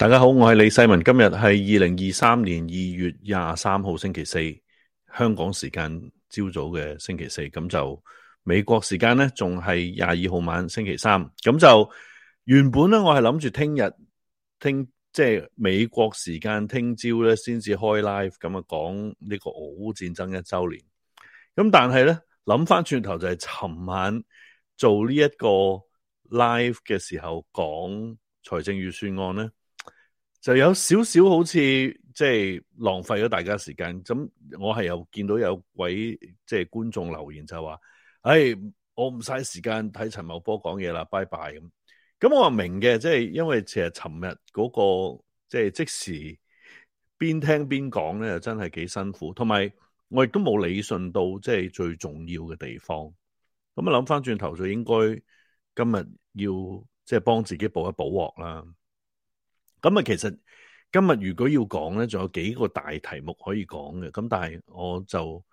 大家好，我係李世民。今日係二零二三年二月廿三號星期四，香港時間朝早嘅星期四，咁就美國時間咧，仲係廿二號晚星期三。咁就原本咧，我係諗住聽日聽即係美國時間聽朝咧，先至開 live，咁啊講呢個俄烏戰爭一周年。咁但係咧諗翻轉頭就係尋晚做呢一個 live 嘅時候講財政預算案咧。就有少少好似即係浪費咗大家時間，咁我係又見到有位即係、就是、觀眾留言就，hey，話，唉，我唔嘥時間睇陳茂波講嘢啦，拜拜咁。咁我明嘅，即係因為其實尋日嗰個即係、就是、即時邊聽邊講咧，真係幾辛苦，同埋我亦都冇理順到即係最重要嘅地方。咁啊諗翻轉頭就應該今日要即係幫自己補一補鑊啦。咁啊，其實今日如果要講呢，仲有幾個大題目可以講嘅。咁但係我就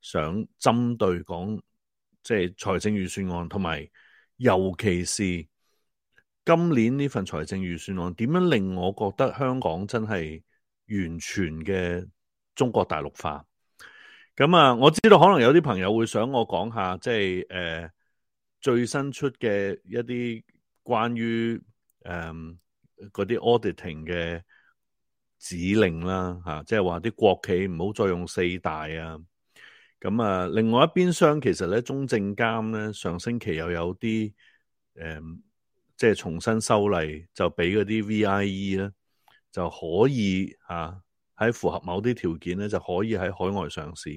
想針對講，即係財政預算案，同埋尤其是今年呢份財政預算案，點樣令我覺得香港真係完全嘅中國大陸化？咁啊，我知道可能有啲朋友會想我講下，即係誒最新出嘅一啲關於誒。呃嗰啲 auditing 嘅指令啦，吓，即係話啲國企唔好再用四大啊。咁啊，另外一邊廂其實咧，中證監咧上星期又有啲誒、呃，即係重新修例，就俾嗰啲 VIE 咧就可以吓喺、啊、符合某啲條件咧就可以喺海外上市。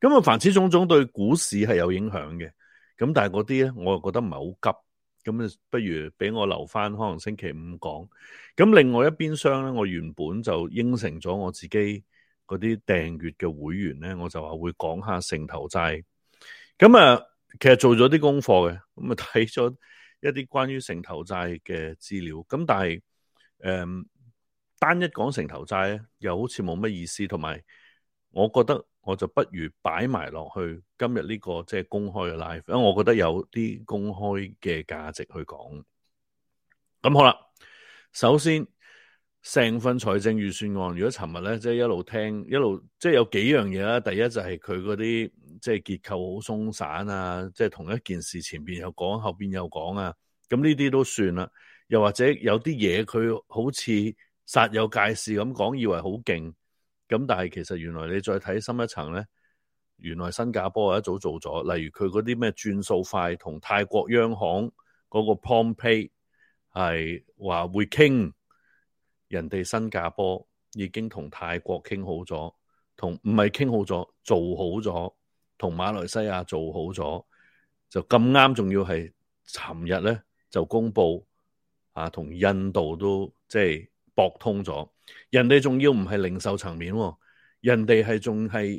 咁啊，凡此種種對股市係有影響嘅。咁但係嗰啲咧，我又覺得唔係好急。咁啊，不如俾我留翻，可能星期五講。咁另外一邊廂咧，我原本就應承咗我自己嗰啲訂閱嘅會員咧，我就話會講下城投債。咁啊，其實做咗啲功課嘅，咁啊睇咗一啲關於城投債嘅資料。咁但係，誒、呃，單一講城投債咧，又好似冇乜意思。同埋，我覺得。我就不如擺埋落去今日呢、這個即係、就是、公開嘅 live，因為我覺得有啲公開嘅價值去講。咁好啦，首先成份財政預算案，如果尋日咧即係一路聽，一路即係有幾樣嘢啦。第一就係佢嗰啲即係結構好鬆散啊，即、就、係、是、同一件事前邊又講，後邊又講啊。咁呢啲都算啦。又或者有啲嘢佢好似煞有介事咁講，以為好勁。咁但係其實原來你再睇深一層咧，原來新加坡一早做咗，例如佢嗰啲咩轉數快同泰國央行嗰個 Pom Pay 係話會傾，人哋新加坡已經同泰國傾好咗，同唔係傾好咗做好咗，同馬來西亞做好咗，就咁啱仲要係尋日咧就公佈啊，同印度都即係博通咗。人哋仲要唔係零售層面喎，人哋係仲係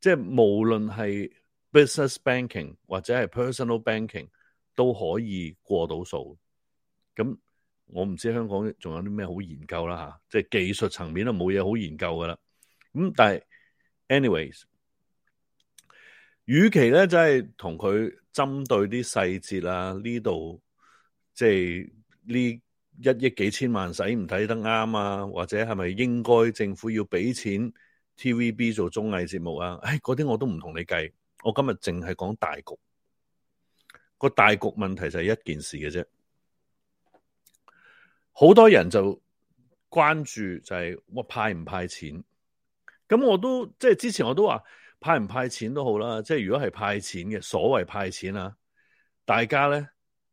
即係無論係 business banking 或者係 personal banking 都可以過到數。咁我唔知香港仲有啲咩好研究啦，吓、啊，即係技術層面都冇嘢好研究噶啦。咁但係 anyways，與其咧即係同佢針對啲細節啦呢度，即係呢。就是一億幾千萬使唔睇得啱啊？或者係咪應該政府要俾錢 TVB 做綜藝節目啊？誒、哎，嗰啲我都唔同你計。我今日淨係講大局，個大局問題就係一件事嘅啫。好多人就關注就係我派唔派錢咁，我都即係、就是、之前我都話派唔派錢都好啦。即、就、係、是、如果係派錢嘅所謂派錢啊，大家咧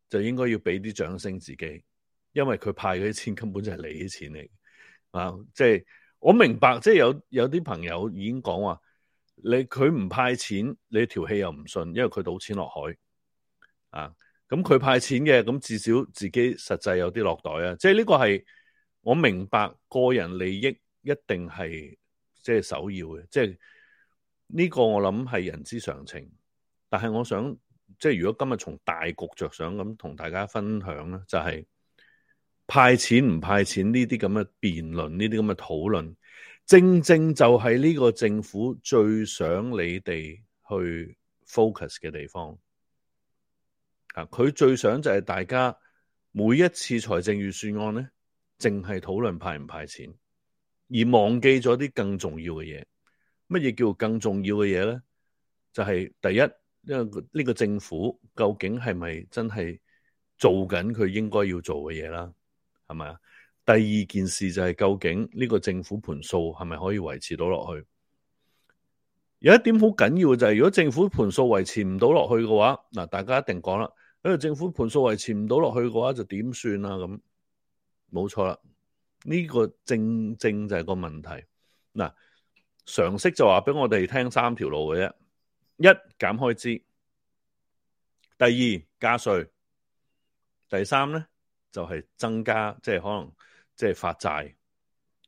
就應該要俾啲掌聲自己。因為佢派嗰啲錢根本就係你啲錢嚟，啊，即係我明白，即係有有啲朋友已經講話，你佢唔派錢，你條氣又唔順，因為佢賭錢落海，啊，咁佢派錢嘅，咁至少自己實際有啲落袋啊，即係呢個係我明白個人利益一定係即係首要嘅，即係呢個我諗係人之常情，但係我想即係如果今日從大局着想咁同大家分享咧，就係。派錢唔派錢呢啲咁嘅辯論，呢啲咁嘅討論，正正就係呢個政府最想你哋去 focus 嘅地方。啊，佢最想就係大家每一次財政預算案咧，淨係討論派唔派錢，而忘記咗啲更重要嘅嘢。乜嘢叫更重要嘅嘢咧？就係第一，因為呢個政府究竟係咪真係做緊佢應該要做嘅嘢啦？係咪？第二件事就係究竟呢個政府盤數係咪可以維持到落去？有一點好緊要嘅就係，如果政府盤數維持唔到落去嘅話，嗱，大家一定講啦，因為政府盤數維持唔到落去嘅話，就點算啊？咁冇錯啦，呢個正正就係個問題。嗱，常識就話俾我哋聽三條路嘅啫：一減開支，第二加稅，第三咧。就係增加，即係可能，即係發債。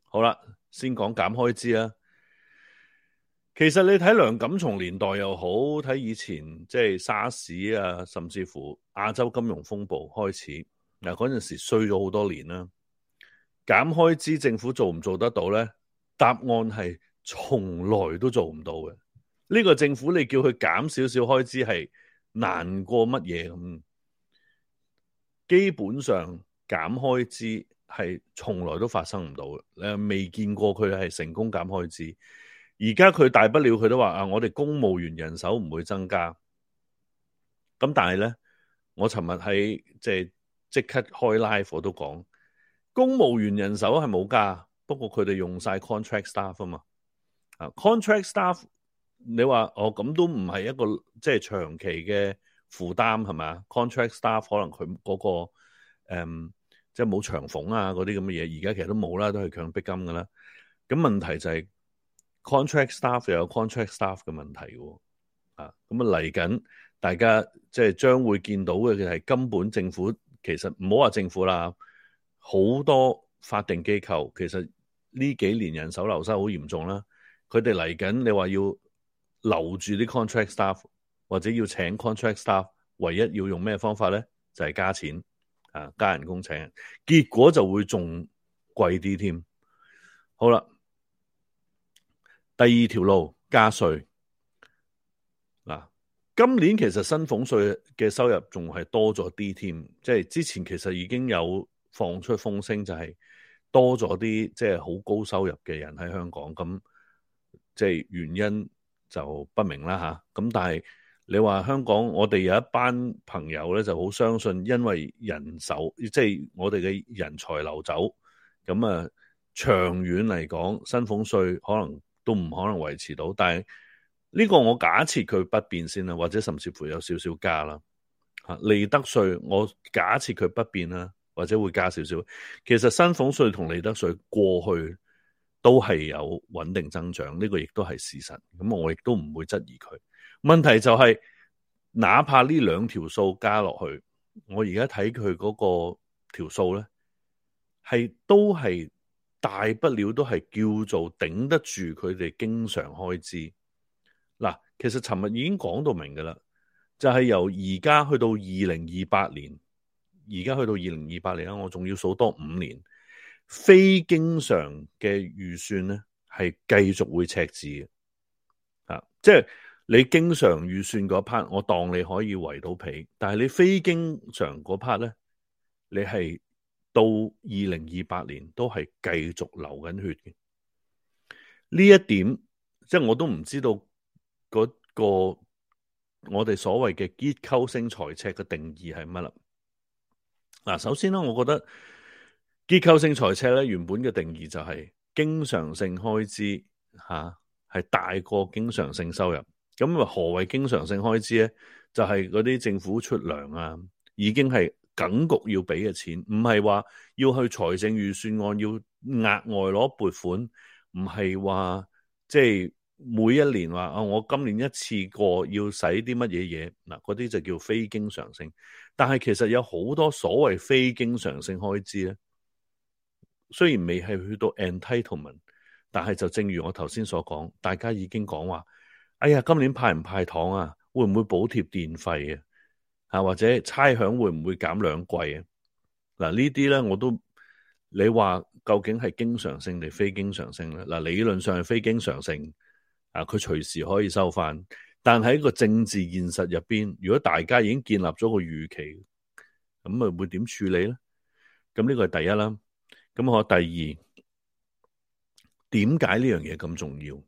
好啦，先講減開支啦。其實你睇梁錦松年代又好，睇以前即係沙士啊，甚至乎亞洲金融風暴開始嗱，嗰陣時衰咗好多年啦。減開支，政府做唔做得到咧？答案係從來都做唔到嘅。呢個政府你叫佢減少少開支係難過乜嘢咁？基本上減開支係從來都發生唔到嘅，你未見過佢係成功減開支。而家佢大不了佢都話啊，我哋公務員人手唔會增加。咁但係咧，我尋日喺即係即，即刻開 live 我都講，公務員人手係冇加，不過佢哋用晒 contract staff 啊嘛。啊，contract staff，你話哦咁都唔係一個即係長期嘅。負擔係咪？contract staff 可能佢嗰、那個、嗯、即係冇長俸啊嗰啲咁嘅嘢，而家其實都冇啦，都係強積金㗎啦。咁問題就係、是、contract staff 又有 contract staff 嘅問題喎、啊。啊，咁啊嚟緊，大家即係將會見到嘅係根本政府其實唔好話政府啦，好多法定機構其實呢幾年人手流失好嚴重啦。佢哋嚟緊，你話要留住啲 contract staff。或者要請 contract staff，唯一要用咩方法咧？就係、是、加錢啊，加人工請，結果就會仲貴啲添。好啦，第二條路加稅嗱、啊，今年其實薪俸稅嘅收入仲係多咗啲添，即、就、係、是、之前其實已經有放出風聲，就係多咗啲即係好高收入嘅人喺香港，咁即係原因就不明啦吓，咁、啊、但係。你話香港，我哋有一班朋友咧就好相信，因為人手即係我哋嘅人才流走，咁啊，長遠嚟講，薪俸稅可能都唔可能維持到。但係呢個我假設佢不變先啦，或者甚至乎有少少加啦。利得稅我假設佢不變啦，或者會加少少。其實薪俸稅同利得稅過去都係有穩定增長，呢個亦都係事實。咁我亦都唔會質疑佢。問題就係，哪怕呢兩條數加落去，我而家睇佢嗰個條數咧，係都係大不了都係叫做頂得住佢哋經常開支。嗱，其實尋日已經講到明噶啦，就係由而家去到二零二八年，而家去到二零二八年，我仲要數多五年非經常嘅預算咧，係繼續會赤字嘅，啊，即係。你經常預算嗰 part，我當你可以圍到皮，但係你非經常嗰 part 咧，你係到二零二八年都係繼續流緊血嘅。呢一點，即係我都唔知道嗰個我哋所謂嘅結構性財赤嘅定義係乜啦。嗱，首先咧，啊，我覺得結構性財赤咧，原本嘅定義就係經常性開支吓係，啊，大過經常性收入。咁何謂經常性開支咧？就係嗰啲政府出糧啊，已經係緊局要俾嘅錢，唔係話要去財政預算案要額外攞撥款，唔係話即係每一年話啊、哦，我今年一次過要使啲乜嘢嘢，嗱，嗰啲就叫非經常性。但係其實有好多所謂非經常性開支咧，雖然未係去到 entitlement，但係就正如我頭先所講，大家已經講話。哎呀，今年派唔派糖啊？會唔會補貼電費啊？吓、啊、或者差餉會唔會減兩季啊？嗱、啊、呢啲咧，我都你話究竟係經常性定非經常性咧？嗱、啊、理論上係非經常性啊，佢隨時可以收翻。但係一個政治現實入邊，如果大家已經建立咗個預期，咁啊會點處理咧？咁呢個係第一啦。咁可第二，點解呢樣嘢咁重要？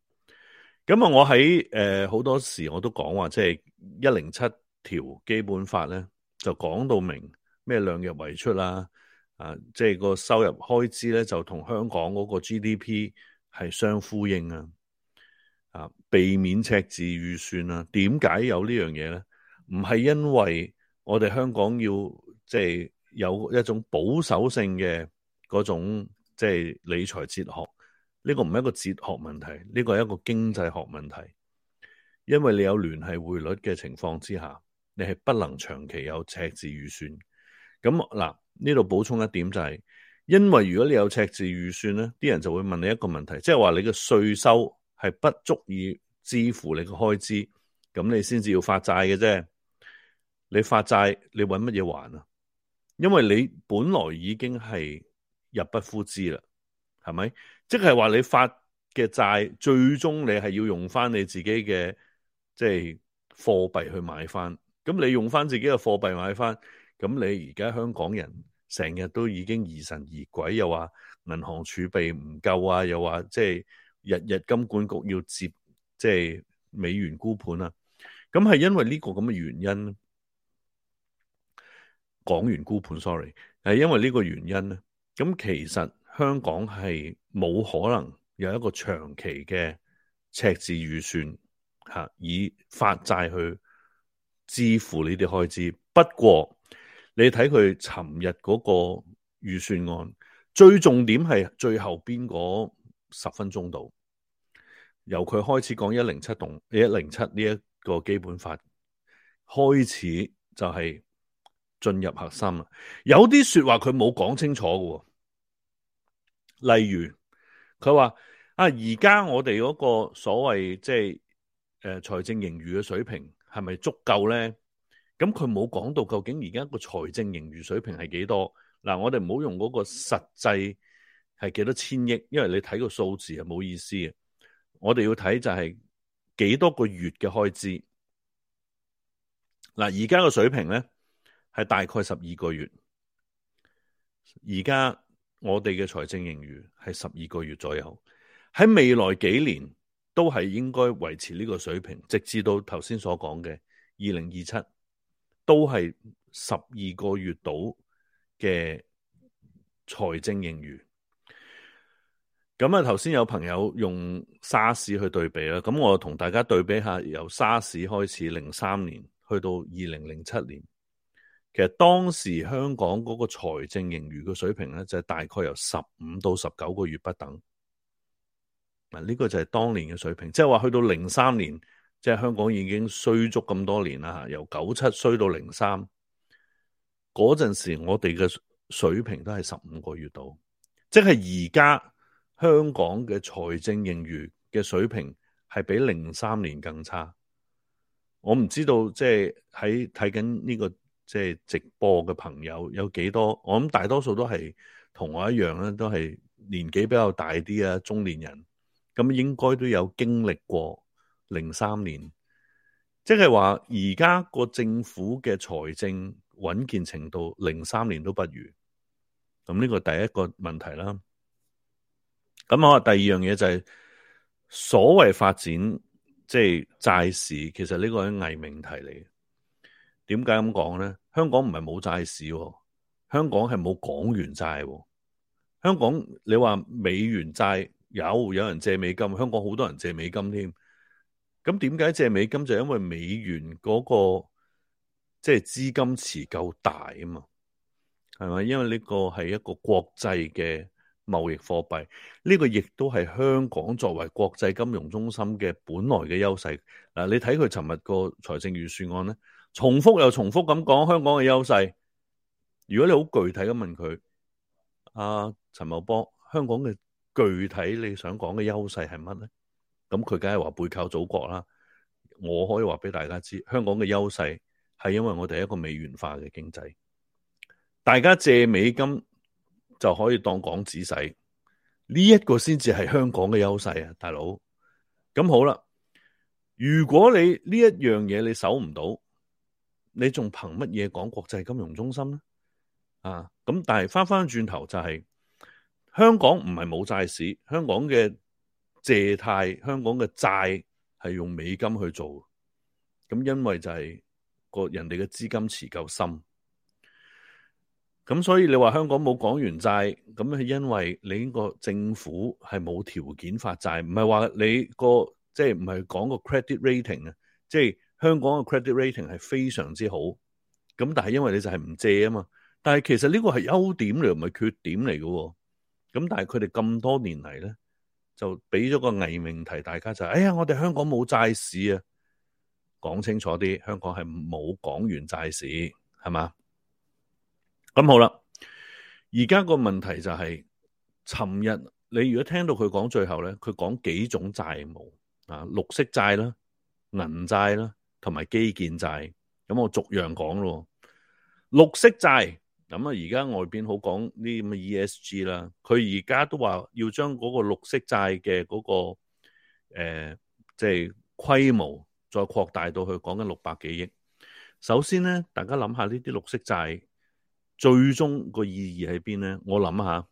咁啊！我喺，誒好多時我都講話，即係一零七條基本法咧，就講到明咩，兩入為出啦、啊，啊，即係個收入開支咧，就同香港嗰個 GDP 係相呼應啊，啊，避免赤字預算啊，點解有呢樣嘢咧？唔係因為我哋香港要即係有一種保守性嘅嗰種即係理財哲學。呢個唔係一個哲學問題，呢、這個係一個經濟學問題，因為你有聯繫匯率嘅情況之下，你係不能長期有赤字預算。咁嗱，呢度補充一點就係、是，因為如果你有赤字預算呢啲人就會問你一個問題，即係話你嘅稅收係不足以支付你嘅開支，咁你先至要發債嘅啫。你發債，你搵乜嘢還啊？因為你本來已經係入不敷支啦，係咪？即係話你發嘅債，最終你係要用翻你自己嘅即係貨幣去買翻。咁你用翻自己嘅貨幣買翻，咁你而家香港人成日都已經疑神疑鬼，又話銀行儲備唔夠啊，又話即係日日金管局要接即係、就是、美元沽盤啊。咁係因為呢個咁嘅原因，講完沽盤，sorry，係因為呢個原因咧。咁其實。香港係冇可能有一個長期嘅赤字預算吓，以發債去支付你哋開支。不過你睇佢尋日嗰個預算案，最重點係最後邊嗰十分鐘度，由佢開始講一零七同一零七呢一個基本法開始就係進入核心啦。有啲說話佢冇講清楚嘅。例如，佢話啊，而家我哋嗰個所謂即係誒財政盈餘嘅水平係咪足夠咧？咁佢冇講到究竟而家個財政盈餘水平係幾多？嗱，我哋唔好用嗰個實際係幾多千億，因為你睇個數字係冇意思嘅。我哋要睇就係幾多個月嘅開支。嗱，而家個水平咧係大概十二個月，而家。我哋嘅財政盈餘係十二個月左右，喺未來幾年都係應該維持呢個水平，直至到頭先所講嘅二零二七，27, 都係十二個月度嘅財政盈餘。咁啊，頭先有朋友用沙士去對比啦，咁我同大家對比下，由沙士開始零三年去到二零零七年。其實當時香港嗰個財政盈餘嘅水平咧，就係大概由十五到十九個月不等。嗱，呢個就係當年嘅水平，即係話去到零三年，即係香港已經衰足咁多年啦。由九七衰到零三，嗰陣時我哋嘅水平都係十五個月度，即係而家香港嘅財政盈餘嘅水平係比零三年更差。我唔知道，即係喺睇緊呢個。即係直播嘅朋友有幾多？我諗大多數都係同我一樣咧，都係年紀比較大啲啊，中年人咁應該都有經歷過零三年，即係話而家個政府嘅財政穩健程度零三年都不如，咁呢個第一個問題啦。咁我，第二樣嘢就係、是、所謂發展即係債市，其實呢個係偽命題嚟。點解咁講呢？香港唔係冇債市，啊，香港係冇港元債，啊。香港你話美元債有，有人借美金，香港好多人借美金添。咁點解借美金？就是，因為美元嗰，嗰個即係資金池夠大啊嘛，係咪？因為呢個係一個國際嘅貿易貨幣，呢，呢個亦都係香港作為國際金融中心嘅本來嘅優勢。嗱，呃，你睇佢尋日個財政預算案呢。重複又重複咁講香港嘅優勢，如果你好具體咁問佢，阿、啊、陳茂波，香港嘅具體你想講嘅優勢係乜呢？咁佢梗係話背靠祖國啦。我可以話俾大家知，香港嘅優勢係因為我哋係一個美元化嘅經濟，大家借美金就可以當港紙使，呢、這、一個先至係香港嘅優勢啊，大佬。咁好啦，如果你呢一樣嘢你守唔到。你仲憑乜嘢講國際金融中心咧？啊，咁但係翻翻轉頭就係、是、香港唔係冇債市，香港嘅借貸、香港嘅債係用美金去做，咁因為就係個人哋嘅資金池夠深，咁所以你話香港冇港元債，咁係因為你個政府係冇條件發債，唔係話你、就是、是個即係唔係講個 credit rating 啊，即係。香港嘅 credit rating 係非常之好，咁但係因為你就係唔借啊嘛，但係其實呢個係優點嚟，唔係缺點嚟嘅。咁但係佢哋咁多年嚟咧，就俾咗個偽命題，大家就係，哎呀，我哋香港冇債市啊，講清楚啲，香港係冇港元債市，係嘛？咁好啦，而家個問題就係、係，尋日你如果聽到佢講最後咧，佢講幾種債務啊，綠色債啦、啊，銀債啦。同埋基建債，咁我逐樣講咯。綠色債咁啊，而家外邊好講啲咁嘅 ESG 啦，佢而家都話要將嗰個綠色債嘅嗰個誒，即係規模再擴大到去講緊六百幾億。首先咧，大家諗下呢啲綠色債最終個意義喺邊咧？我諗下，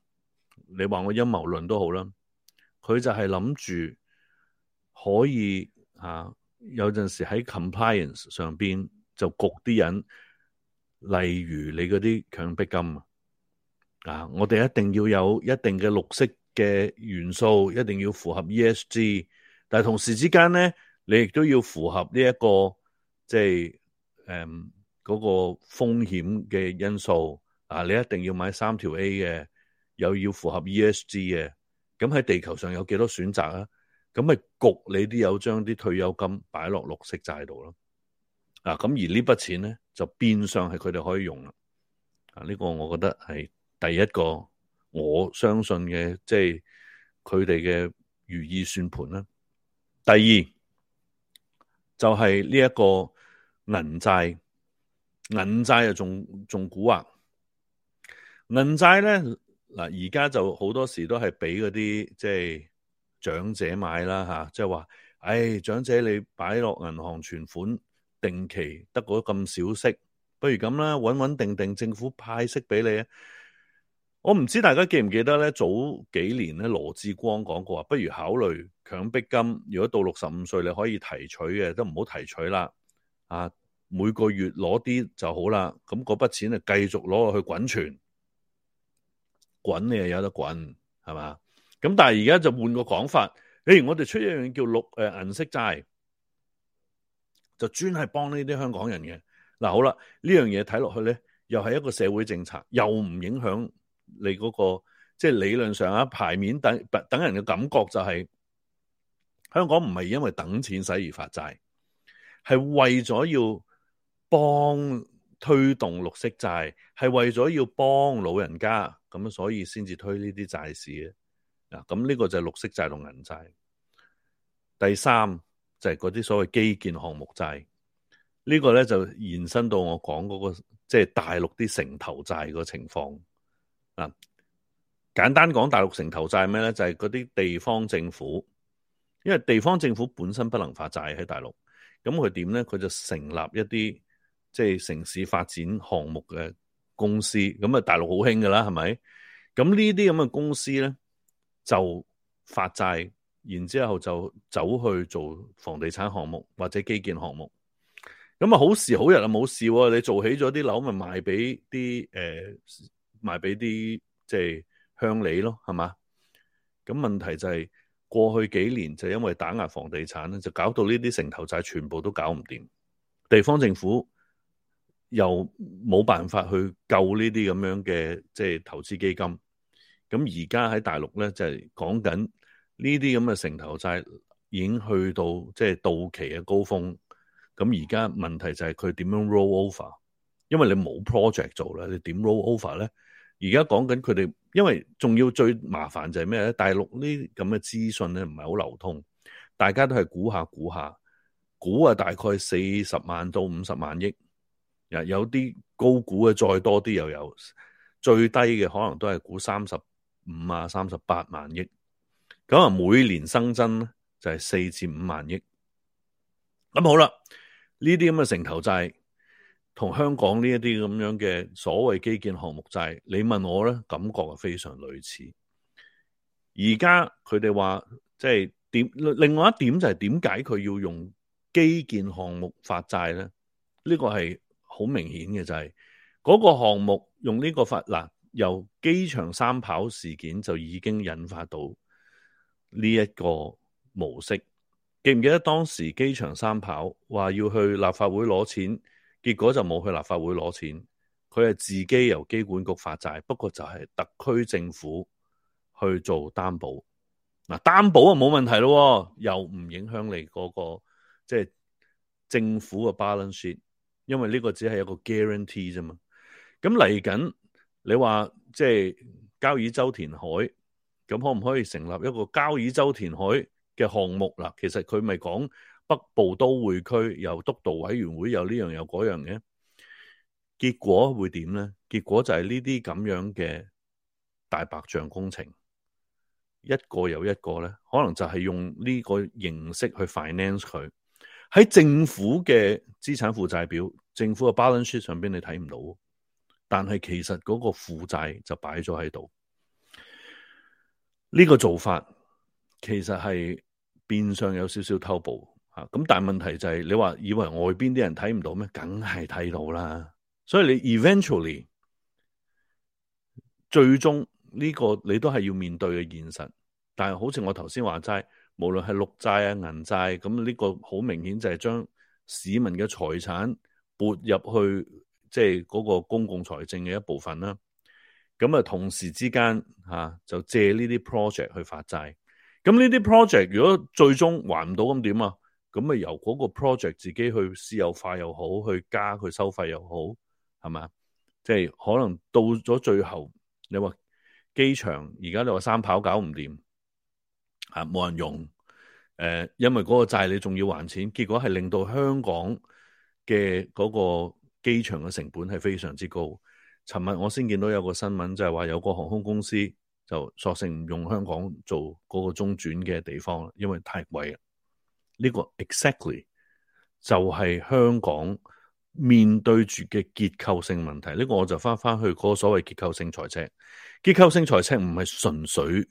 你話我陰謀論都好啦，佢就係諗住可以吓。啊有陣時喺 compliance 上邊就焗啲人，例如你啲強積金啊，我哋一定要有一定嘅綠色嘅元素，一定要符合 ESG，但係同時之間咧，你亦都要符合呢、這、一個即係誒個風險嘅因素啊！你一定要買三條 A 嘅，又要符合 ESG 嘅，咁喺地球上有幾多選擇啊？咁咪焗你啲友將啲退休金擺落綠色債度咯，啊咁而呢筆錢咧就變相係佢哋可以用啦，啊呢個我覺得係第一個我相信嘅，即係佢哋嘅如意算盤啦。第二就係呢一個銀債，銀債啊仲仲蠱惑，銀債咧，嗱而家就好多時都係俾嗰啲即係。就是長者買啦嚇，即係話，唉，長者你擺落銀行存款定期得嗰咁少息，不如咁啦，穩穩定定政府派息俾你。我唔知大家記唔記得咧？早幾年咧，羅致光講過話，不如考慮強逼金。如果到六十五歲你可以提取嘅，都唔好提取啦。啊，每個月攞啲就好啦。咁嗰筆錢就，繼續攞落去滾存，滾你又有得滾，係嘛？咁但係而家就換個講法，誒，我哋出一樣叫綠誒銀、呃、色債，就專係幫呢啲香港人嘅。嗱，好啦，樣呢樣嘢睇落去咧，又係一個社會政策，又唔影響你嗰、那個即係、就是、理論上啊牌面等等人嘅感覺、就是，就係香港唔係因為等錢使而發債，係為咗要幫推動綠色債，係為咗要幫老人家咁，所以先至推呢啲債市嘅。啊，咁呢個就係綠色債同銀債，第三就係嗰啲所謂基建項目債，這個、呢個咧就延伸到我講嗰、那個即係、就是、大陸啲城投債個情況。啊，簡單講大陸城投債係咩咧？就係嗰啲地方政府，因為地方政府本身不能發債喺大陸，咁佢點咧？佢就成立一啲即係城市發展項目嘅公司，咁啊大陸好興噶啦，係咪？咁呢啲咁嘅公司咧？就發債，然之後就走去做房地產項目或者基建項目。咁啊，好事好日啊，冇事喎。你做起咗啲樓咪賣俾啲誒，賣俾啲即係鄉里咯，係嘛？咁問題就係、是、過去幾年就因為打壓房地產咧，就搞到呢啲城投債全部都搞唔掂，地方政府又冇辦法去救呢啲咁樣嘅即係投資基金。咁而家喺大陸咧，就係講緊呢啲咁嘅城投債已經去到即係、就是、到期嘅高峰。咁而家問題就係佢點樣 roll over？因為你冇 project 做啦，你點 roll over 咧？而家講緊佢哋，因為仲要最麻煩就係咩咧？大陸呢咁嘅資訊咧唔係好流通，大家都係估下估下，估啊大概四十萬到五十萬億。啊，有啲高估嘅再多啲又有，最低嘅可能都係估三十。五啊三十八萬億，咁啊，每年新增增就係、是、四至五萬億。咁好啦，呢啲咁嘅城投債同香港呢一啲咁樣嘅所謂基建項目債，你問我咧，感覺係非常類似。而家佢哋話即係點？另外一點就係點解佢要用基建項目發債咧？呢、這個係好明顯嘅，就係、是、嗰、那個項目用呢個法嗱。由機場三跑事件就已經引發到呢一個模式，記唔記得當時機場三跑話要去立法會攞錢，結果就冇去立法會攞錢，佢係自己由機管局發債，不過就係特區政府去做擔保。嗱、啊，擔保啊冇問題咯、哦，又唔影響你嗰、那個即係、就是、政府嘅 balance sheet，因為呢個只係一個 guarantee 啫嘛。咁嚟緊。你話即係交椅洲填海咁，可唔可以成立一個交椅洲填海嘅項目嗱？其實佢咪講北部都會區有督導委員會，有呢樣又嗰樣嘅，結果會點咧？結果就係呢啲咁樣嘅大白象工程，一個又一個咧，可能就係用呢個形式去 finance 佢，喺政府嘅資產負債表、政府嘅 balance sheet 上邊，你睇唔到。但係其實嗰個負債就擺咗喺度，呢、這個做法其實係變相有少少偷步吓。咁、啊、但係問題就係、是、你話以為外邊啲人睇唔到咩？梗係睇到啦。所以你 eventually 最終呢個你都係要面對嘅現實。但係好似我頭先話齋，無論係綠債啊、銀債咁，呢個好明顯就係將市民嘅財產撥入去。即係嗰個公共財政嘅一部分啦，咁啊同時之間嚇就借呢啲 project 去發債，咁呢啲 project 如果最終還唔到咁點啊？咁啊由嗰個 project 自己去私有化又好，去加佢收費又好，係嘛？即係可能到咗最後你話機場而家你話三跑搞唔掂嚇，冇人用，誒因為嗰個債你仲要還錢，結果係令到香港嘅嗰個。機場嘅成本係非常之高。尋日我先見到有個新聞，就係、是、話有個航空公司就索性唔用香港做嗰個中轉嘅地方，因為太貴啦。呢、這個 exactly 就係香港面對住嘅結構性問題。呢、這個我就返返去嗰個所謂結構性財赤。結構性財赤唔係純粹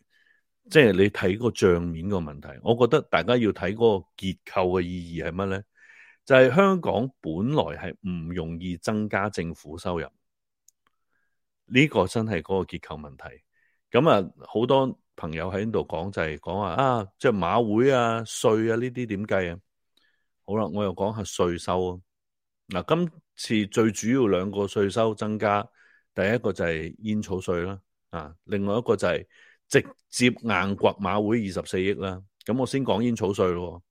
即係、就是、你睇個帳面個問題。我覺得大家要睇嗰個結構嘅意義係乜呢？就係香港本來係唔容易增加政府收入，呢個真係嗰個結構問題。咁啊，好多朋友喺呢度講就係講話啊，即係馬會啊稅啊呢啲點計啊？好啦，我又講下稅收啊。嗱，今次最主要兩個稅收增加，第一個就係煙草稅啦，啊，另外一個就係直接硬掘馬會二十四億啦。咁我先講煙草稅咯。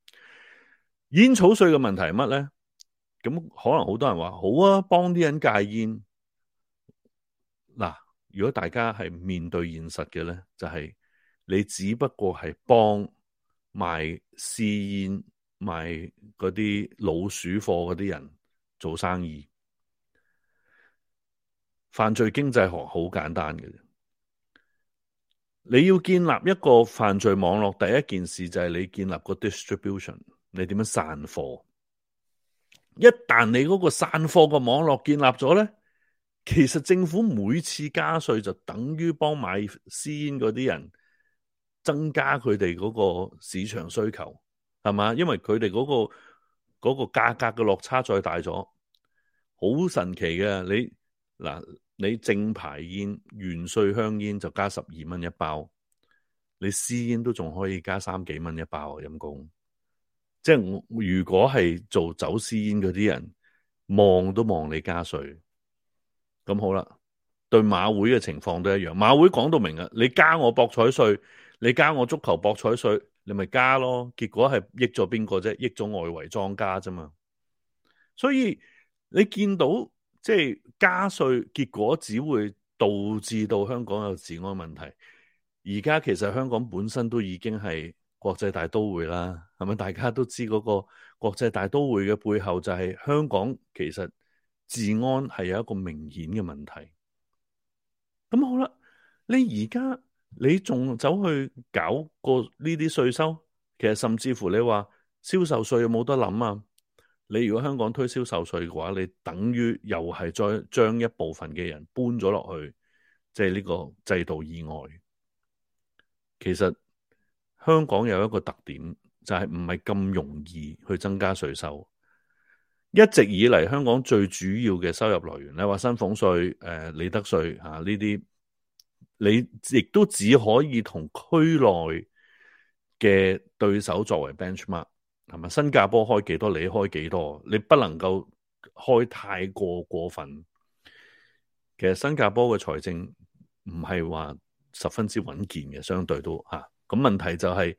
煙草稅嘅問題係乜咧？咁可能好多人話好啊，幫啲人戒煙。嗱，如果大家係面對現實嘅咧，就係、是、你只不過係幫賣私煙、賣嗰啲老鼠貨嗰啲人做生意。犯罪經濟學好簡單嘅，你要建立一個犯罪網絡，第一件事就係你建立個 distribution。你點樣散貨？一旦你嗰個散貨個網絡建立咗咧，其實政府每次加稅就等於幫買私煙嗰啲人增加佢哋嗰個市場需求，係嘛？因為佢哋嗰個嗰個價格嘅落差再大咗，好神奇嘅。你嗱，你正牌煙原稅香煙就加十二蚊一包，你私煙都仲可以加三幾蚊一包啊，陰公。即係，如果係做走私煙嗰啲人，望都望你加稅，咁好啦。對馬會嘅情況都一樣，馬會講到明啊，你加我博彩稅，你加我足球博彩稅，你咪加咯。結果係益咗邊個啫？益咗外圍莊家啫嘛。所以你見到即係加稅，結果只會導致到香港有治安問題。而家其實香港本身都已經係國際大都會啦。咁大家都知嗰個國際大都會嘅背後，就係香港其實治安係有一個明顯嘅問題。咁好啦，你而家你仲走去搞過呢啲稅收，其實甚至乎你話銷售稅有冇得諗啊？你如果香港推銷售稅嘅話，你等於又係再將一部分嘅人搬咗落去，即係呢個制度以外。其實香港有一個特點。就係唔係咁容易去增加稅收，一直以嚟香港最主要嘅收入來源咧，話薪俸稅、誒利得稅吓呢啲，你亦、呃啊、都只可以同區內嘅對手作為 benchmark，係咪新加坡開幾多你開幾多，你不能夠開太過過分。其實新加坡嘅財政唔係話十分之穩健嘅，相對都吓，咁、啊、問題就係、是。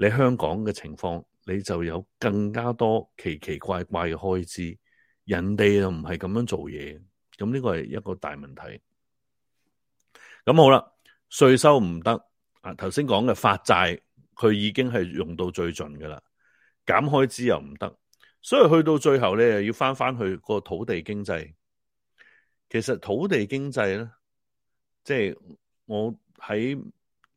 你香港嘅情況，你就有更加多奇奇怪怪嘅開支，人哋又唔係咁樣做嘢，咁呢個係一個大問題。咁好啦，稅收唔得啊，頭先講嘅發債，佢已經係用到最盡噶啦，減開支又唔得，所以去到最後咧，又要翻翻去個土地經濟。其實土地經濟咧，即係我喺。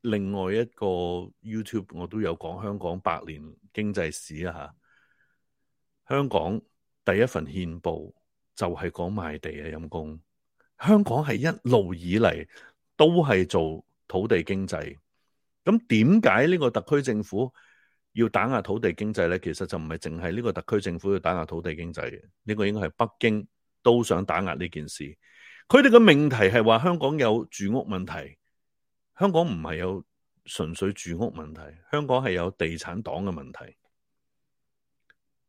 另外一個 YouTube 我都有講香港百年經濟史啊嚇，香港第一份憲報就係講賣地嘅陰功，香港係一路以嚟都係做土地經濟。咁點解呢個特區政府要打壓土地經濟呢？其實就唔係淨係呢個特區政府要打壓土地經濟。呢個應該係北京都想打壓呢件事。佢哋嘅命題係話香港有住屋問題。香港唔係有純粹住屋問題，香港係有地產黨嘅問題。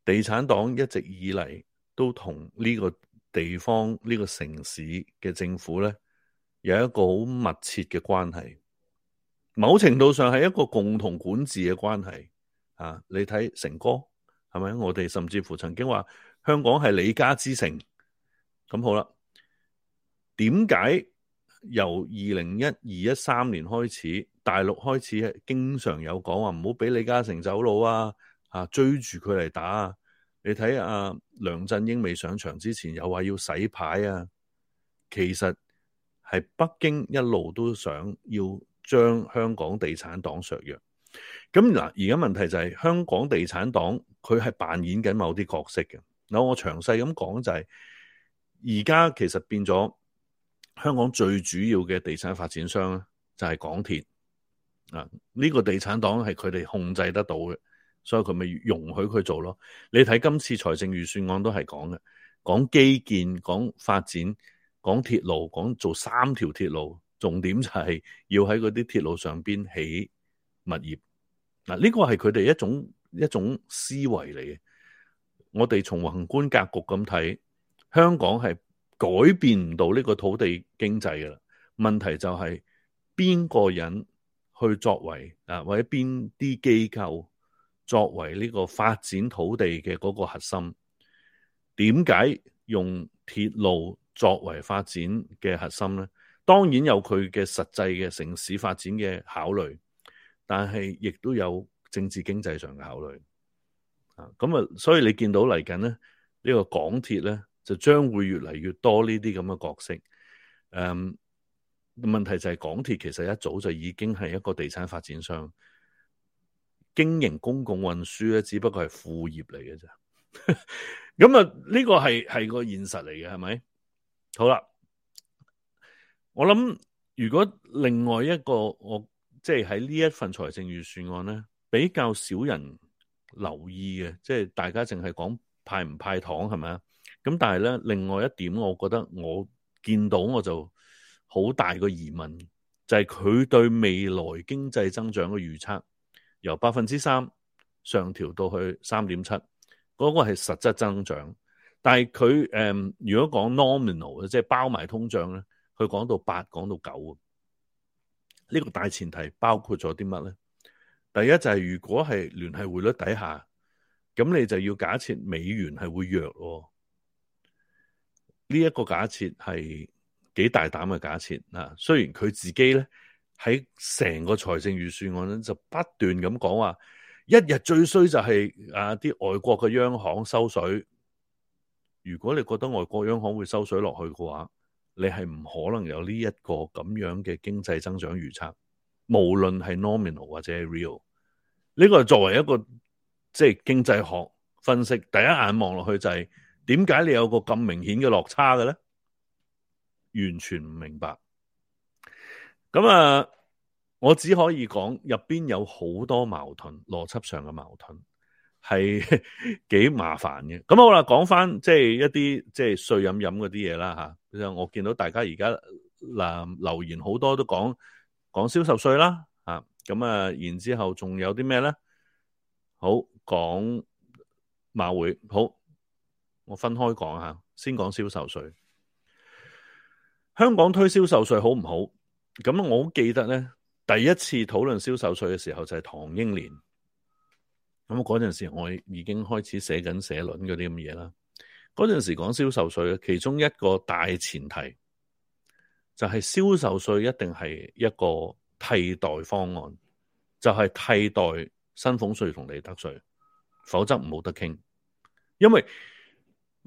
地產黨一直以嚟都同呢個地方、呢個城市嘅政府咧有一個好密切嘅關係，某程度上係一個共同管治嘅關係。啊，你睇成哥係咪？我哋甚至乎曾經話香港係李家之城，咁好啦。點解？由二零一二一三年開始，大陸開始經常有講話唔好俾李嘉誠走佬啊，吓追住佢嚟打。啊。啊你睇阿、啊、梁振英未上場之前，又話要洗牌啊。其實係北京一路都想要將香港地產黨削弱。咁嗱，而家問題就係、是、香港地產黨，佢係扮演緊某啲角色嘅。嗱、就是，我詳細咁講就係，而家其實變咗。香港最主要嘅地產發展商咧、啊，就係、是、港鐵啊！呢、這個地產黨係佢哋控制得到嘅，所以佢咪容許佢做咯。你睇今次財政預算案都係講嘅，講基建、講發展、講鐵路、講做三條鐵路，重點就係要喺嗰啲鐵路上邊起物業。嗱、啊，呢個係佢哋一種一種思維嚟嘅。我哋從宏觀格局咁睇，香港係，改變唔到呢個土地經濟嘅啦，問題就係、是、邊個人去作為啊，或者邊啲機構作為呢個發展土地嘅嗰個核心？點解用鐵路作為發展嘅核心呢？當然有佢嘅實際嘅城市發展嘅考慮，但係亦都有政治經濟上嘅考慮啊。咁啊，所以你見到嚟緊咧呢、呢個港鐵呢。就將會越嚟越多呢啲咁嘅角色，誒，um，問題就係港鐵其實一早就已經係一個地產發展商，經營公共運輸咧，只不過係副業嚟嘅啫。咁 啊，呢個係係個現實嚟嘅，係咪？好啦，我諗如果另外一個我即係喺呢一份財政預算案咧，比較少人留意嘅，即係大家淨係講派唔派糖係咪啊？咁但係咧，另外一點，我覺得我見到我就好大個疑問，就係佢對未來經濟增長嘅預測由百分之三上調到去三點七，嗰個係實質增長。但係佢誒，如果講 nominal，即係包埋通脹咧，佢講到八，講到九。呢個大前提包括咗啲乜咧？第一就係如果係聯繫匯率底下，咁你就要假設美元係會弱咯。呢一個假設係幾大膽嘅假設啊！雖然佢自己咧喺成個財政預算案咧就不斷咁講話，一日最衰就係、是、啊啲外國嘅央行收水。如果你覺得外國央行會收水落去嘅話，你係唔可能有呢一個咁樣嘅經濟增長預測，無論係 nominal 或者 real。呢、這個作為一個即係、就是、經濟學分析，第一眼望落去就係、是。點解你有個咁明顯嘅落差嘅咧？完全唔明白。咁啊，我只可以講入邊有好多矛盾、邏輯上嘅矛盾，係 幾麻煩嘅。咁啊，好啦，講翻即係一啲即係稅飲飲嗰啲嘢啦吓。我見到大家而家嗱留言好多都講講銷售稅啦，啊咁啊，然之後仲有啲咩咧？好，講馬會，好。我分開講下，先講銷售稅。香港推銷售稅好唔好？咁我記得呢第一次討論銷售稅嘅時候就係唐英年。咁嗰陣時我已經開始寫緊社論嗰啲咁嘢啦。嗰陣時講銷售稅咧，其中一個大前提就係銷售稅一定係一個替代方案，就係替代薪俸稅同利得稅，否則冇得傾，因為。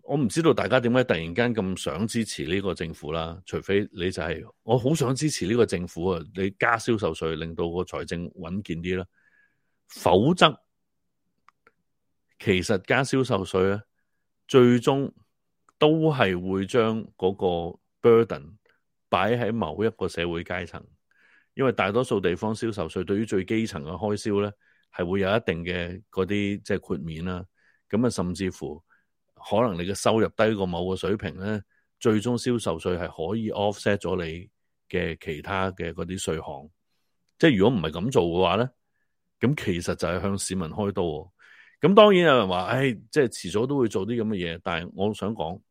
我唔知道大家點解突然間咁想支持呢個政府啦，除非你就係、是、我好想支持呢個政府啊，你加銷售稅令到個財政穩健啲啦，否則其實加銷售稅咧，最終都係會將嗰個 burden 擺喺某一個社會階層，因為大多數地方銷售稅對於最基層嘅開銷咧，係會有一定嘅嗰啲即係豁免啦、啊，咁啊甚至乎。可能你嘅收入低過某個水平咧，最終銷售稅係可以 offset 咗你嘅其他嘅嗰啲稅項，即係如果唔係咁做嘅話咧，咁其實就係向市民開刀、哦。咁當然有人話，唉、哎，即係遲早都會做啲咁嘅嘢，但係我想講，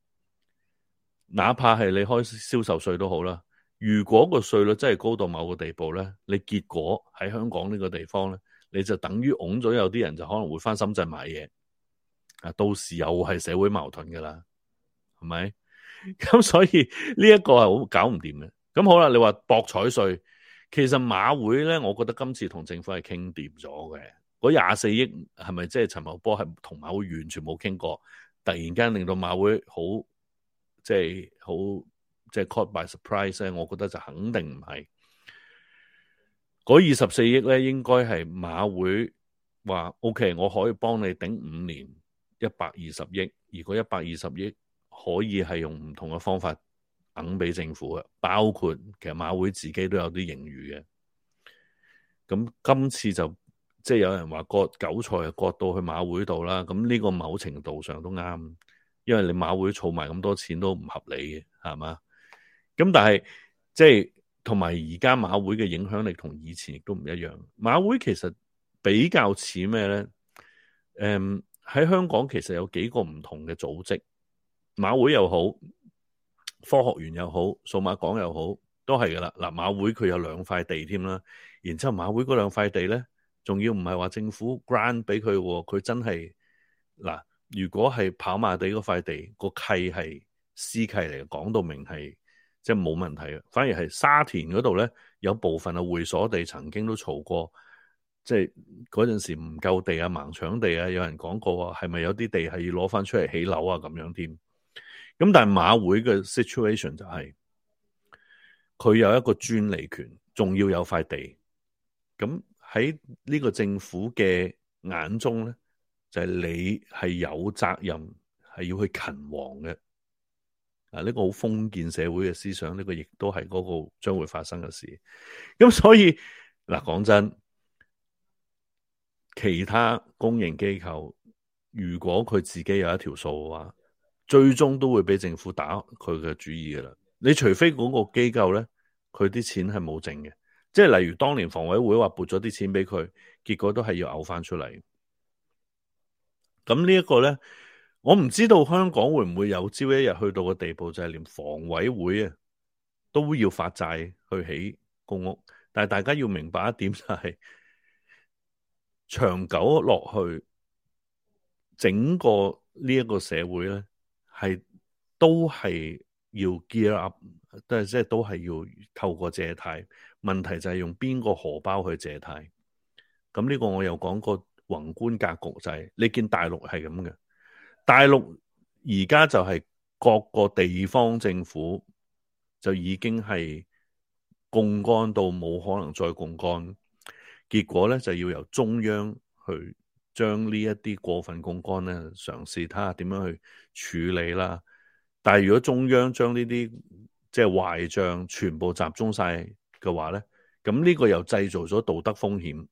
哪怕係你開銷售稅都好啦，如果個稅率真係高到某個地步咧，你結果喺香港呢個地方咧，你就等於㧬咗有啲人就可能會返深圳買嘢。啊，到時又係社會矛盾噶啦，係咪？咁 所以呢一、這個係好搞唔掂嘅。咁好啦，你話博彩稅，其實馬會咧，我覺得今次同政府係傾掂咗嘅。嗰廿四億係咪即係陳茂波係同馬會完全冇傾過？突然間令到馬會好即係、就、好、係、即係、就係、caught by surprise 咧，我覺得就肯定唔係。嗰二十四億咧，應該係馬會話 OK，我可以幫你頂五年。一百二十億，如果一百二十億可以係用唔同嘅方法等俾政府嘅，包括其實馬會自己都有啲盈餘嘅。咁今次就即係有人話割韭菜，割到去馬會度啦。咁呢個某程度上都啱，因為你馬會儲埋咁多錢都唔合理嘅，係嘛？咁但係即係同埋而家馬會嘅影響力同以前亦都唔一樣。馬會其實比較似咩咧？誒、um,。喺香港其實有幾個唔同嘅組織，馬會又好，科學園又好，數碼港又好，都係噶啦。嗱，馬會佢有兩塊地添啦，然之後馬會嗰兩塊地咧，仲要唔係話政府 grant 俾佢，佢真係嗱，如果係跑馬地嗰塊地個契係私契嚟，講到明係即係冇問題嘅，反而係沙田嗰度咧有部分嘅會所地曾經都嘈過。即係嗰陣時唔夠地啊，盲搶地啊，有人講過啊，係咪有啲地係要攞翻出嚟起樓啊咁樣添？咁但係馬會嘅 situation 就係佢有一個專利權，仲要有塊地。咁喺呢個政府嘅眼中咧，就係你係有責任係要去勤王嘅。啊，呢個好封建社會嘅思想，呢個亦都係嗰個將會發生嘅事。咁所以嗱，講真。其他公營機構，如果佢自己有一條數嘅話，最終都會俾政府打佢嘅主意嘅啦。你除非嗰個機構呢，佢啲錢係冇剩嘅，即係例如當年房委會話撥咗啲錢俾佢，結果都係要嘔翻出嚟。咁呢一個呢，我唔知道香港會唔會有朝一日去到個地步，就係連房委會啊都要發債去起公屋。但係大家要明白一點，就係、是。長久落去，整個呢一個社會咧，係都係要 gear up，都係即係都係要透過借貸。問題就係用邊個荷包去借貸？咁呢個我又講過宏觀格局就係，你見大陸係咁嘅，大陸而家就係各個地方政府就已經係槓桿到冇可能再槓桿。結果咧，就要由中央去將呢一啲過分槓桿咧，嘗試睇下點樣去處理啦。但係如果中央將呢啲即係壞賬全部集中晒嘅話咧，咁呢個又製造咗道德風險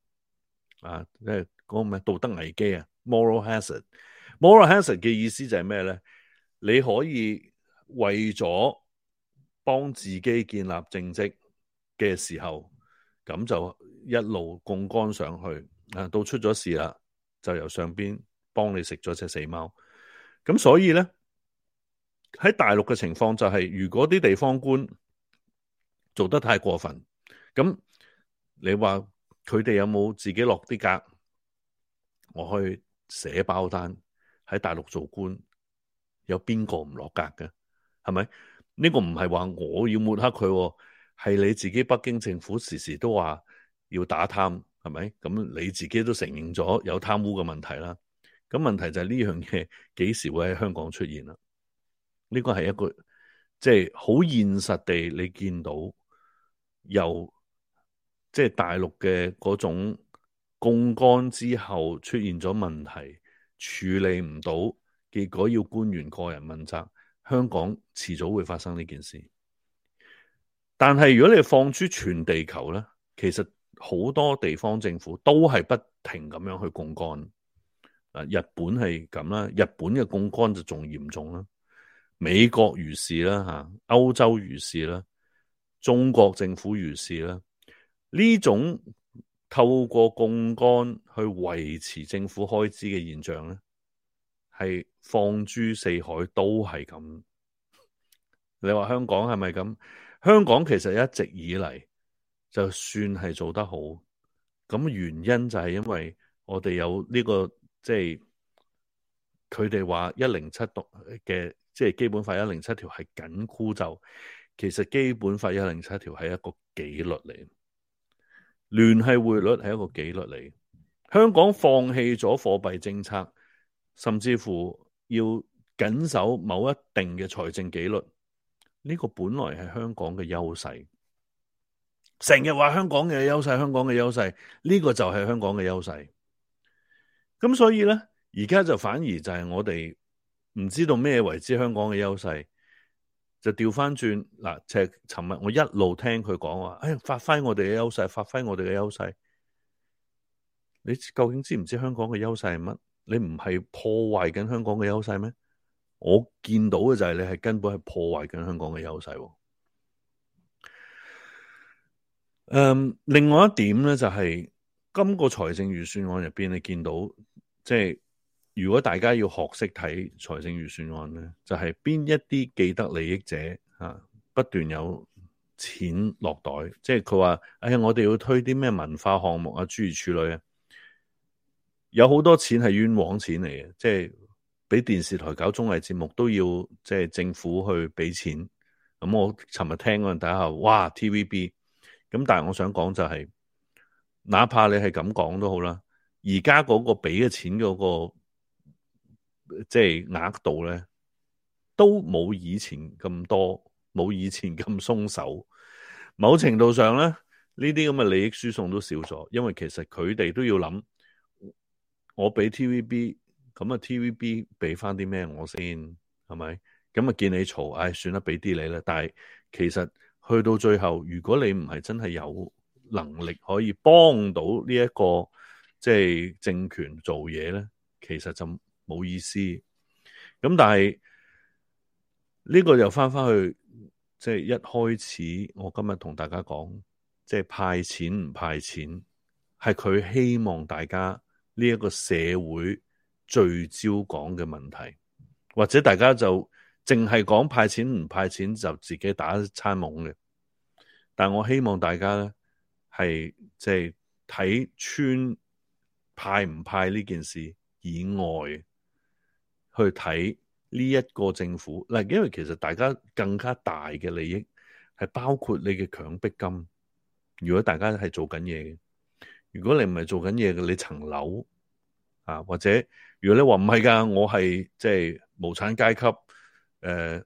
啊！即係嗰個咩道德危機啊？Moral hazard。Moral hazard 嘅意思就係咩咧？你可以為咗幫自己建立政績嘅時候，咁就一路槓桿上去啊！到出咗事啦，就由上邊幫你食咗隻死貓。咁所以咧，喺大陸嘅情況就係、是，如果啲地方官做得太過分，咁你話佢哋有冇自己落啲格？我可以寫包單喺大陸做官，有邊、個唔落格嘅？係咪？呢個唔係話我要抹黑佢、喎，係你自己北京政府時時都話。要打貪係咪？咁你自己都承認咗有貪污嘅問題啦。咁問題就係呢樣嘢幾時會喺香港出現啦？呢個係一個即係好現實地，你見到由即係大陸嘅嗰種槓桿之後出現咗問題，處理唔到，結果要官員個人問責。香港遲早會發生呢件事。但係如果你放諸全地球咧，其實好多地方政府都係不停咁樣去槓桿。啊！日本係咁啦，日本嘅槓桿就仲嚴重啦，美國如是啦，吓，歐洲如是啦，中國政府如是啦，呢種透過槓桿去維持政府開支嘅現象咧，係放諸四海都係咁。你話香港係咪咁？香港其實一直以嚟。就算係做得好，咁原因就係因為我哋有呢個即係佢哋話一零七度嘅，即係基本法一零七條係緊箍咒，其實基本法一零七條係一個紀律嚟，聯繫匯率係一個紀律嚟。香港放棄咗貨幣政策，甚至乎要緊守某一定嘅財政紀律，呢個本來係香港嘅優勢。成日話香港嘅優勢，香港嘅優勢，呢個就係香港嘅優勢。咁、這個、所以呢，而家就反而就係我哋唔知道咩為之香港嘅優勢，就調翻轉嗱。即係尋日我一路聽佢講話，哎，發揮我哋嘅優勢，發揮我哋嘅優勢。你究竟知唔知香港嘅優勢係乜？你唔係破壞緊香港嘅優勢咩？我見到嘅就係你係根本係破壞緊香港嘅優勢。嗯，um, 另外一點咧，就係、是、今個財政預算案入邊，你見到即係、就是、如果大家要學識睇財政預算案咧，就係、是、邊一啲既得利益者啊，不斷有錢落袋。即係佢話：哎呀，我哋要推啲咩文化項目啊？諸如此類啊，有好多錢係冤枉錢嚟嘅。即係俾電視台搞綜藝節目都要，即、就、係、是、政府去俾錢。咁我尋日聽嗰陣睇下，哇！TVB 咁但係我想講就係，哪怕你係咁講都好啦，而家嗰個俾嘅錢嗰個即係額度咧，都冇以前咁多，冇以前咁鬆手。某程度上咧，呢啲咁嘅利益輸送都少咗，因為其實佢哋都要諗，我俾 TVB 咁啊，TVB 俾翻啲咩我先係咪？咁啊見你嘈，唉，算啦，俾啲你啦。但係其實。去到最後，如果你唔係真係有能力可以幫到呢、這、一個即係、就是、政權做嘢咧，其實就冇意思。咁但係呢、這個又翻翻去，即、就、係、是、一開始我今日同大家講，即、就、係、是、派錢唔派錢，係佢希望大家呢一個社會聚焦講嘅問題，或者大家就。淨係講派錢唔派錢就自己打餐懵嘅，但我希望大家咧係即係睇穿派唔派呢件事以外，去睇呢一個政府嗱，因為其實大家更加大嘅利益係包括你嘅強迫金，如果大家係做緊嘢嘅。如果你唔係做緊嘢嘅，你層樓啊，或者如果你話唔係噶，我係即係無產階級。誒，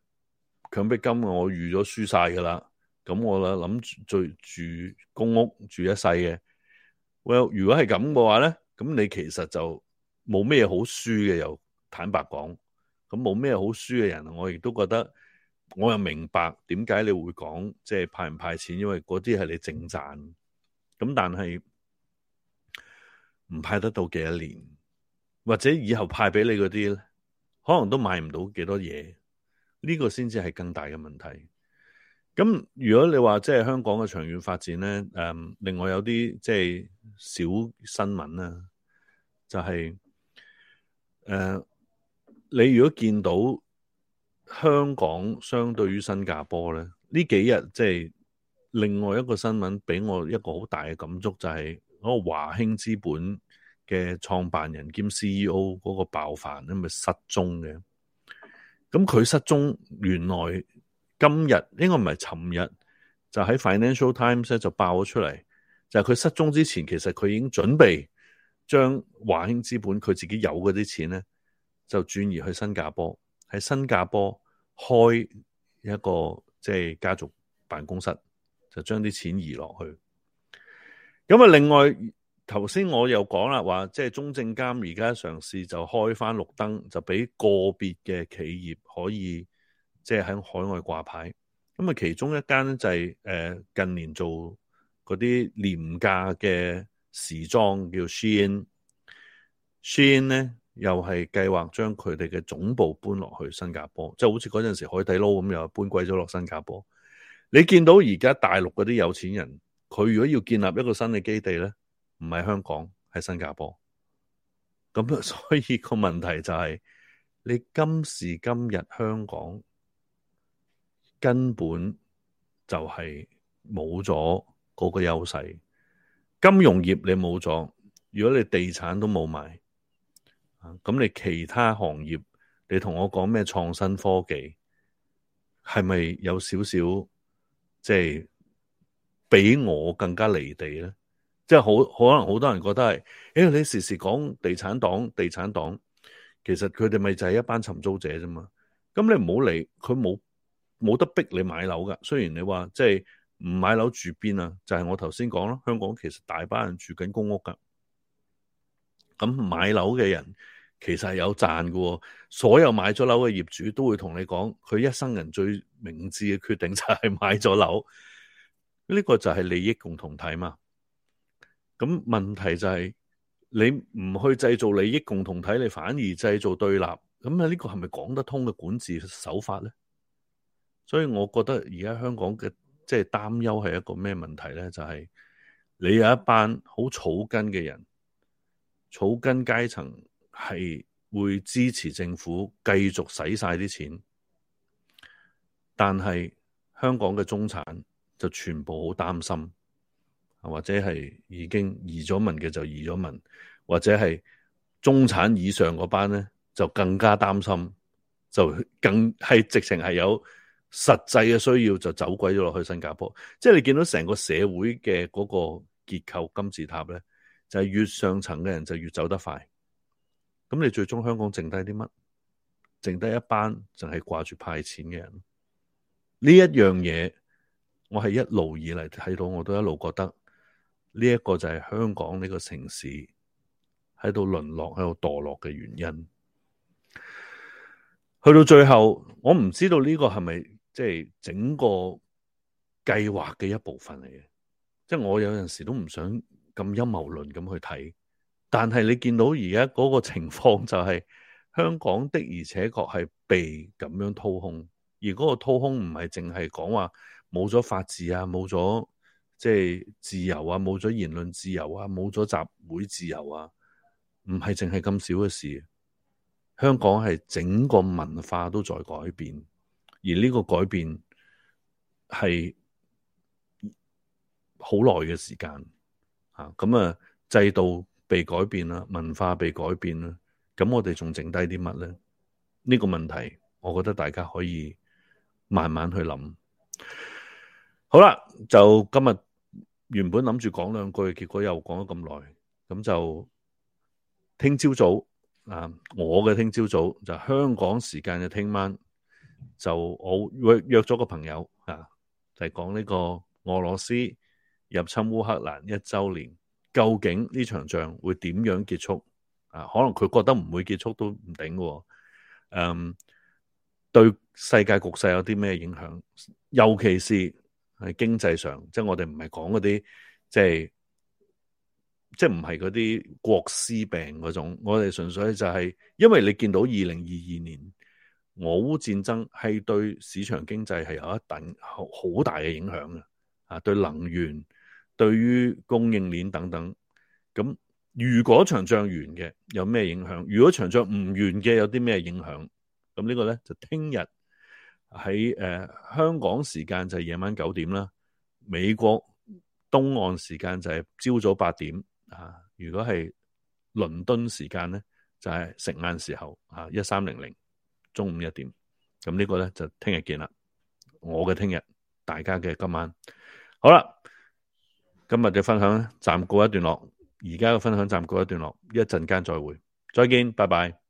強逼、呃、金我預咗輸晒噶啦，咁我咧諗住住住公屋住一世嘅。Well，如果係咁嘅話咧，咁你其實就冇咩好輸嘅，又坦白講，咁冇咩好輸嘅人，我亦都覺得，我又明白點解你會講即係派唔派錢，因為嗰啲係你正賺，咁但係唔派得到幾多年，或者以後派俾你嗰啲，可能都買唔到幾多嘢。呢個先至係更大嘅問題。咁如果你話即係香港嘅長遠發展咧，誒、嗯，另外有啲即係小新聞啦，就係、是、誒、呃，你如果見到香港相對於新加坡咧，呢幾日即係另外一個新聞，俾我一個好大嘅感觸，就係、是、嗰個華興資本嘅創辦人兼 CEO 嗰個包凡咁咪失蹤嘅。咁佢失蹤原來今日應該唔係尋日，就喺 Financial Times 咧就爆咗出嚟，就係、是、佢失蹤之前，其實，佢已經準備將華興資本佢自己有嗰啲錢咧，就轉移去新加坡，喺新加坡開一個即係、就是、家族辦公室，就將啲錢移落去。咁啊，另外。頭先我又講啦，話即係中證監而家嘗試就開返綠燈，就俾個別嘅企業可以即係喺海外掛牌。咁啊，其中一間就係、是、誒、呃、近年做嗰啲廉價嘅時裝，叫 Shein。Shein 咧又係計劃將佢哋嘅總部搬落去新加坡，即係好似嗰陣時海底撈咁，又搬鬼咗落新加坡。你見到而家大陸嗰啲有錢人，佢如果要建立一個新嘅基地咧？唔係香港，係新加坡。咁所以個問題就係，你今時今日香港根本就係冇咗嗰個優勢。金融業你冇咗，如果你地產都冇埋，啊咁你其他行業，你同我講咩創新科技，係咪有少少即係比我更加離地咧？即係好可能好多人覺得係，誒、欸、你時時講地產黨地產黨，其實佢哋咪就係一班尋租者啫嘛。咁你唔好理，佢冇冇得逼你買樓噶。雖然你話即係唔買樓住邊啊，就係、是、我頭先講啦。香港其實大把人住緊公屋噶，咁買樓嘅人其實係有賺噶。所有買咗樓嘅業主都會同你講，佢一生人最明智嘅決定就係買咗樓。呢、這個就係利益共同體嘛。咁問題就係你唔去製造利益共同體，你反而製造對立，咁啊呢個係咪講得通嘅管治手法咧？所以我覺得而家香港嘅即係擔憂係一個咩問題咧？就係、是、你有一班好草根嘅人，草根階層係會支持政府繼續使晒啲錢，但係香港嘅中產就全部好擔心。或者係已經移咗民嘅就移咗民，或者係中產以上嗰班咧，就更加擔心，就更係直情係有實際嘅需要就走鬼咗落去新加坡。即係你見到成個社會嘅嗰個結構金字塔咧，就係越上層嘅人就越走得快。咁你最終香港剩低啲乜？剩低一班淨係掛住派錢嘅人。呢一樣嘢，我係一路以嚟睇到，我都一路覺得。呢一個就係香港呢個城市喺度淪落、喺度墮落嘅原因。去到最後，我唔知道呢個係咪即係整個計劃嘅一部分嚟嘅。即係我有陣時都唔想咁陰謀論咁去睇。但係你見到而家嗰個情況就係香港的而且確係被咁樣掏空，而嗰個掏空唔係淨係講話冇咗法治啊，冇咗。即係自由啊，冇咗言論自由啊，冇咗集會自由啊，唔係淨係咁少嘅事啊。香港係整個文化都在改變，而呢個改變係好耐嘅時間啊。咁啊，制度被改變啦，文化被改變啦，咁啊，我哋仲剩低啲乜咧？呢、呢個問題，我覺得大家可以慢慢去諗。好啦，就今日。原本諗住講兩句，結果又講咗咁耐，咁就聽朝早、早啊，我嘅聽朝早、早就是，香港時間嘅聽晚，就我約約咗個朋友啊，就係講呢個俄羅斯入侵烏克蘭一周年，究竟呢場仗會點樣結束啊？可能佢覺得唔會結束都唔定嘅，嗯，對世界局勢有啲咩影響，尤其是。係經濟上，即係我哋唔係講嗰啲，即係即係唔係嗰啲國師病嗰種，我哋純粹就係、是，因為你見到二零二二年俄烏戰爭係對市場經濟係有一等好大嘅影響嘅，啊，對能源、對於供應鏈等等，咁如果場仗完嘅有咩影響？如果場仗唔完嘅有啲咩影響？咁呢個咧就聽日。喺誒、呃、香港時間就係夜晚九點啦，美國東岸時間就係朝早八點啊。如果係倫敦時間咧，就係食晏時候啊，一三零零，中午一點。咁呢個咧就聽日見啦。我嘅聽日，大家嘅今晚好啦。今日嘅分享咧，暫告一段落。而家嘅分享暫告一段落，一陣間再會，再見，拜拜。